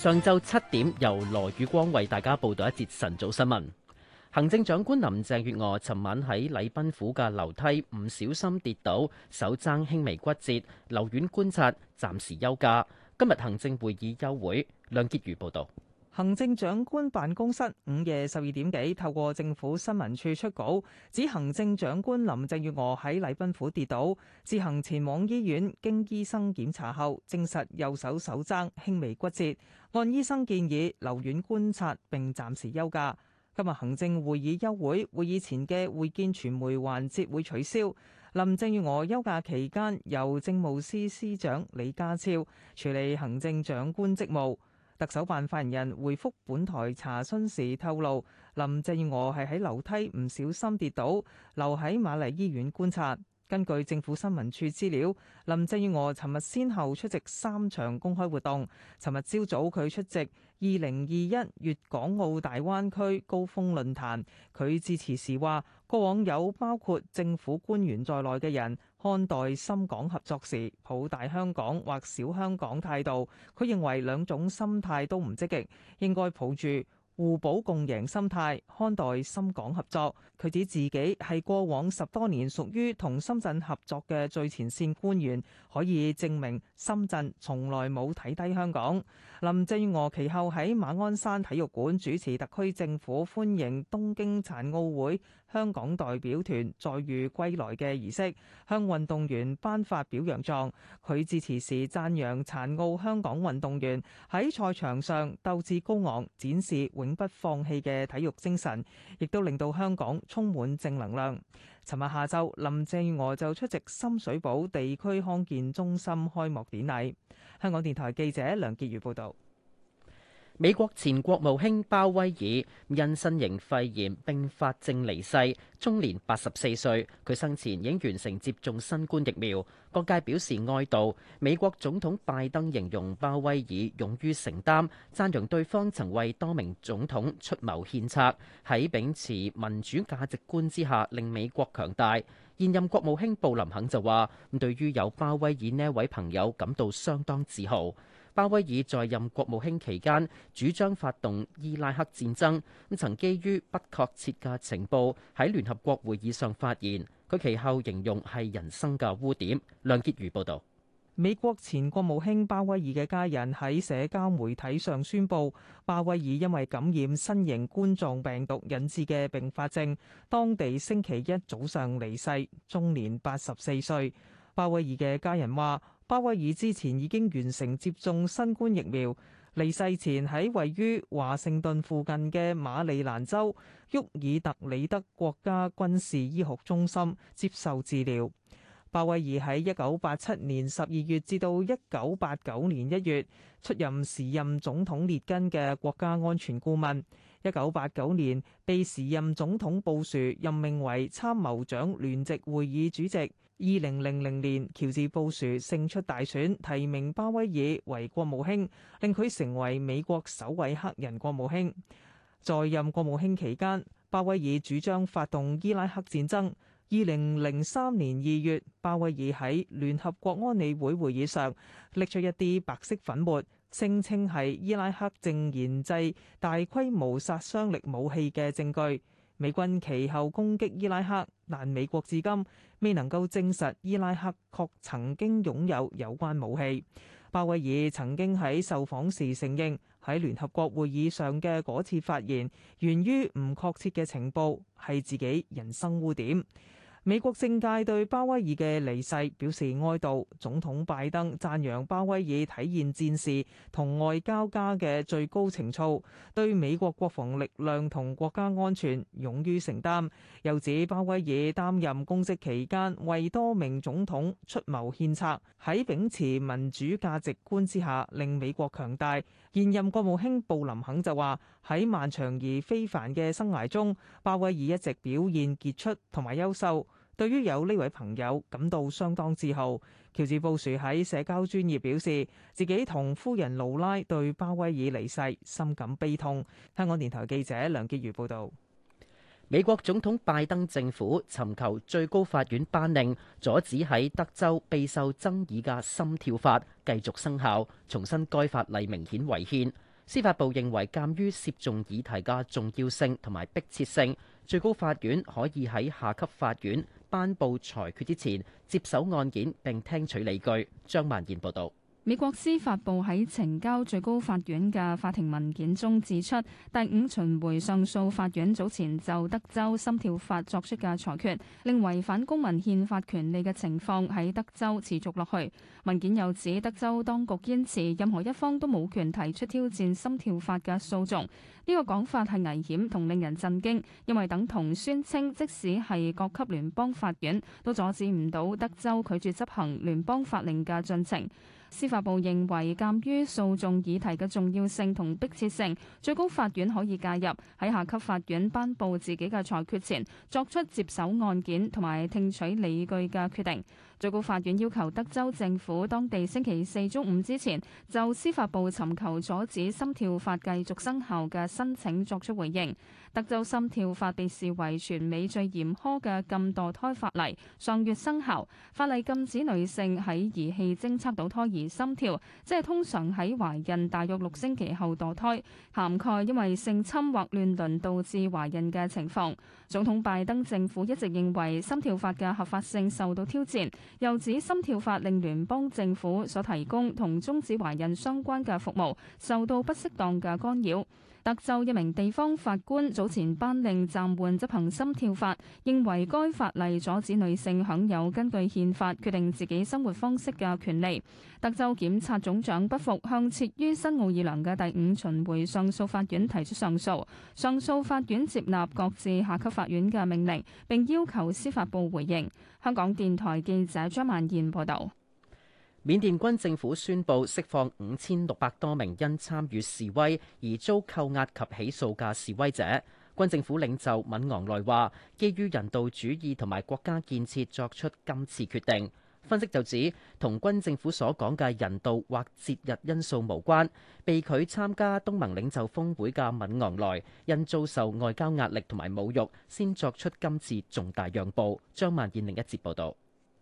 上晝七點，由羅宇光為大家報道一節晨早新聞。行政長官林鄭月娥尋晚喺禮賓府嘅樓梯唔小心跌倒，手踭輕微骨折，留院觀察，暫時休假。今日行政會議休會。梁潔瑜報道。行政長官辦公室午夜十二點幾透過政府新聞處出稿，指行政長官林鄭月娥喺禮賓府跌倒，自行前往醫院，經醫生檢查後，證實右手手踭輕微骨折，按醫生建議留院觀察並暫時休假。今日行政會議休會，會議前嘅會見傳媒環節會取消。林鄭月娥休假期間，由政務司司長李家超處理行政長官職務。特首辦發言人回覆本台查詢時透露，林鄭月娥係喺樓梯唔小心跌倒，留喺瑪麗醫院觀察。根據政府新聞處資料，林鄭月娥尋日先後出席三場公開活動。尋日朝早，佢出席二零二一粵港澳大灣區高峰論壇，佢致辭時話：過往有包括政府官員在內嘅人看待深港合作時抱大香港或小香港態度，佢認為兩種心態都唔積極，應該抱住互補共贏心態看待深港合作。佢指自己係過往十多年屬於同深圳合作嘅最前線官員，可以證明深圳從來冇睇低香港。林鄭月娥其後喺馬鞍山體育館主持特區政府歡迎東京殘奧會香港代表團載譽歸來嘅儀式，向運動員頒發表揚狀，佢致辭時讚揚殘奧香港運動員喺賽場上鬥志高昂，展示永不放棄嘅體育精神，亦都令到香港充滿正能量。尋日下晝林鄭月娥就出席深水埗，地區康健中心開幕典禮，香港電台記者梁潔如報道。美國前國務卿鮑威爾因新型肺炎併發症離世，終年八十四歲。佢生前已經完成接種新冠疫苗，各界表示哀悼。美國總統拜登形容鮑威爾勇於承擔，讚揚對方曾為多名總統出謀獻策，喺秉持民主價值觀之下令美國強大。現任國務卿布林肯就話，對於有鮑威爾呢位朋友感到相當自豪。鮑威爾在任國務卿期間主張發動伊拉克戰爭，咁曾基於不確切嘅情報喺聯合國會議上發言，佢其後形容係人生嘅污點。梁潔如報道。美國前國務卿鮑威爾嘅家人喺社交媒體上宣布，鮑威爾因為感染新型冠狀病毒引致嘅併發症，當地星期一早上離世，終年八十四歲。鮑威爾嘅家人話。鮑威爾之前已經完成接種新冠疫苗，離世前喺位於華盛頓附近嘅馬里蘭州沃爾特里德國家軍事醫學中心接受治療。鮑威爾喺一九八七年十二月至到一九八九年一月出任時任總統列根嘅國家安全顧問。一九八九年被時任總統布殊任命為參謀長聯席會議主席。二零零零年喬治布殊勝出大選，提名鮑威爾為國務卿，令佢成為美國首位黑人國務卿。在任國務卿期間，鮑威爾主張發動伊拉克戰爭，二零零三年二月，鮑威爾喺聯合國安理會會議上拎出一啲白色粉末。聲稱係伊拉克正研製大規模殺傷力武器嘅證據，美軍其後攻擊伊拉克，但美國至今未能夠證實伊拉克確曾經擁有有關武器。鮑威爾曾經喺受訪時承認，喺聯合國會議上嘅嗰次發言源於唔確切嘅情報，係自己人生污點。美國政界對鮑威爾嘅離世表示哀悼，總統拜登讚揚鮑威爾體現戰士同外交家嘅最高情操，對美國國防力量同國家安全勇於承擔。又指鮑威爾擔任公職期間，為多名總統出謀獻策，喺秉持民主價值觀之下，令美國強大。現任國務卿布林肯就話：喺漫長而非凡嘅生涯中，鮑威爾一直表現傑出同埋優秀。對於有呢位朋友感到相當自豪。喬治布殊喺社交專頁表示，自己同夫人勞拉對鮑威爾離世深感悲痛。香港電台記者梁潔如報導。美國總統拜登政府尋求最高法院頒令阻止喺德州備受爭議嘅心跳法繼續生效，重申該法例明顯違憲。司法部認為，鑑於涉眾議題嘅重要性同埋迫切性，最高法院可以喺下級法院頒布裁決之前，接手案件並聽取理據。張萬燕報道。美國司法部喺呈交最高法院嘅法庭文件中指出，第五巡回上訴法院早前就德州心跳法作出嘅裁決，令違反公民憲法權利嘅情況喺德州持續落去。文件又指，德州當局堅持任何一方都冇權提出挑戰心跳法嘅訴訟，呢個講法係危險同令人震驚，因為等同宣稱即使係各級聯邦法院都阻止唔到德州拒絕執行聯邦法令嘅進程。司法部認為，鑑於訴訟議題嘅重要性同迫切性，最高法院可以介入，喺下級法院頒佈自己嘅裁決前，作出接手案件同埋聽取理據嘅決定。最高法院要求德州政府當地星期四中午之前就司法部尋求阻止心跳法繼續生效嘅申請作出回應。德州心跳法被視為全美最嚴苛嘅禁墮胎法例。上月生效，法例禁止女性喺儀器偵測到胎兒心跳，即係通常喺懷孕大約六星期後墮胎，涵蓋因為性侵或亂倫導致懷孕嘅情況。總統拜登政府一直認為心跳法嘅合法性受到挑戰。又指心跳法令聯邦政府所提供同中止懷孕相關嘅服務受到不適當嘅干擾。德州一名地方法官早前頒令暫緩執行心跳法，認為該法例阻止女性享有根據憲法決定自己生活方式嘅權利。德州檢察總長不服，向設於新奧爾良嘅第五巡回上訴法院提出上訴。上訴法院接納各自下級法院嘅命令，並要求司法部回應。香港電台記者張曼燕報道。緬甸軍政府宣布釋放五千六百多名因參與示威而遭扣押及起訴嘅示威者。軍政府領袖敏昂萊話，基於人道主義同埋國家建設作出今次決定。分析就指，同軍政府所講嘅人道或節日因素無關。被拒參加東盟領袖峰會嘅敏昂萊，因遭受外交壓力同埋侮辱，先作出今次重大讓步。張萬燕另一節報道。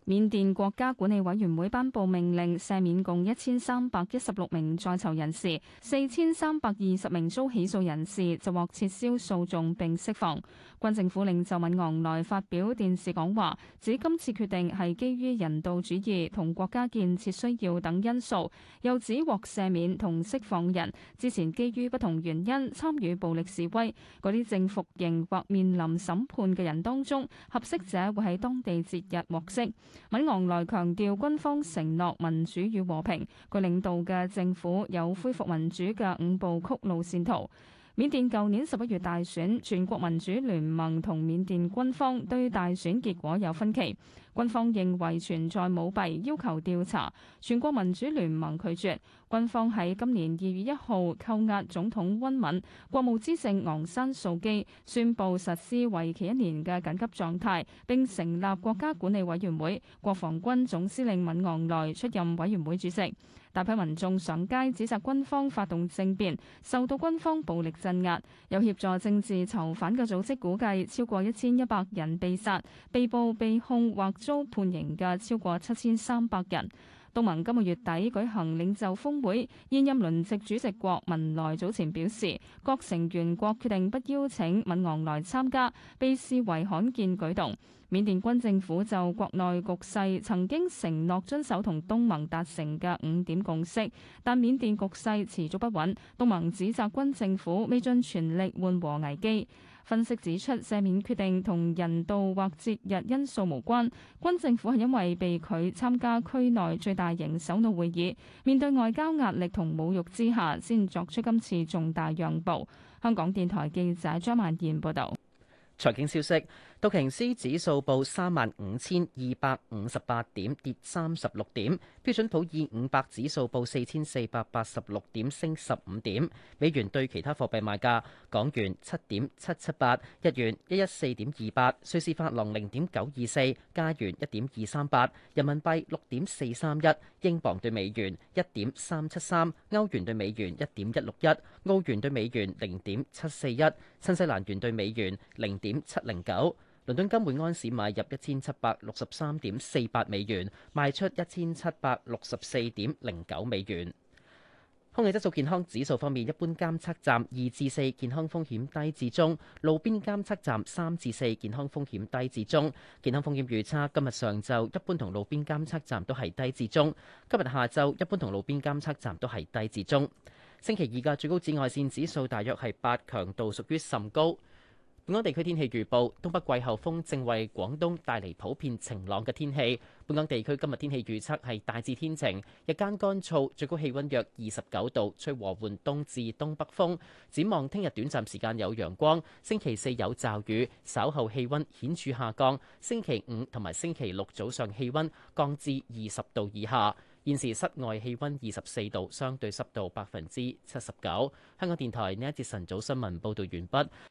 緬甸國家管理委員會頒布命令，赦免共一千三百一十六名在囚人士，四千三百二十名遭起訴人士就獲撤銷訴訟並釋放。軍政府領袖敏昂萊發表電視講話，指今次決定係基於人道主義同國家建設需要等因素，又指獲赦免同釋放人之前基於不同原因參與暴力示威嗰啲正服刑或面臨審判嘅人當中，合適者會喺當地節日獲釋。敏昂萊強調軍方承諾民主與和平，佢領導嘅政府有恢復民主嘅五步曲路線圖。緬甸舊年十一月大選，全國民主聯盟同緬甸軍方對大選結果有分歧。軍方認為存在舞弊，要求調查。全國民主聯盟拒絕。軍方喺今年二月一號扣押總統温敏，國務資政昂山素姬，宣佈實施為期一年嘅緊急狀態，並成立國家管理委員會。國防軍總司令敏昂萊出任委員會主席。大批民眾上街指責軍方發動政變，受到軍方暴力鎮壓。有協助政治囚犯嘅組織估計，超過一千一百人被殺、被捕、被控或遭判刑嘅超過七千三百人。東盟今個月底舉行領袖峰會，現任輪值主席國文萊早前表示，各成員國決定不邀請敏昂萊參加，被視為罕見舉動。緬甸軍政府就國內局勢曾經承諾遵守同東盟達成嘅五點共識，但緬甸局勢持續不穩，東盟指責軍政府未盡全力緩和危機。分析指出，赦免決定同人道或節日因素無關，軍政府係因為被拒參加區內最大型首腦會議，面對外交壓力同侮辱之下，先作出今次重大讓步。香港電台記者張萬燕報導。財經消息。道瓊斯指數報三萬五千二百五十八點，跌三十六點。標準普爾五百指數報四千四百八十六點，升十五點。美元對其他貨幣賣價：港元七點七七八，日元一一四點二八，瑞士法郎零點九二四，加元一點二三八，人民幣六點四三一，英鎊對美元一點三七三，歐元對美元一點一六一，澳元對美元零點七四一，新西蘭元對美元零點七零九。倫敦金每安士買入一千七百六十三點四八美元，賣出一千七百六十四點零九美元。空氣質素健康指數方面，一般監測站二至四，健康風險低至中；路邊監測站三至四，健康風險低至中。健康風險預測今日上晝一般同路邊監測站都係低至中，今日下晝一般同路邊監測站都係低至中。星期二嘅最高紫外線指數大約係八，強度屬於甚高。本港地區天氣預報：東北季候風正為廣東帶嚟普遍晴朗嘅天氣。本港地區今日天氣預測係大致天晴，日間乾燥，最高氣温約二十九度，吹和緩東至東北風。展望聽日短暫時間有陽光，星期四有驟雨，稍後氣温顯著下降。星期五同埋星期六早上氣温降至二十度以下。現時室外氣温二十四度，相對濕度百分之七十九。香港電台呢一節晨早新聞報導完畢。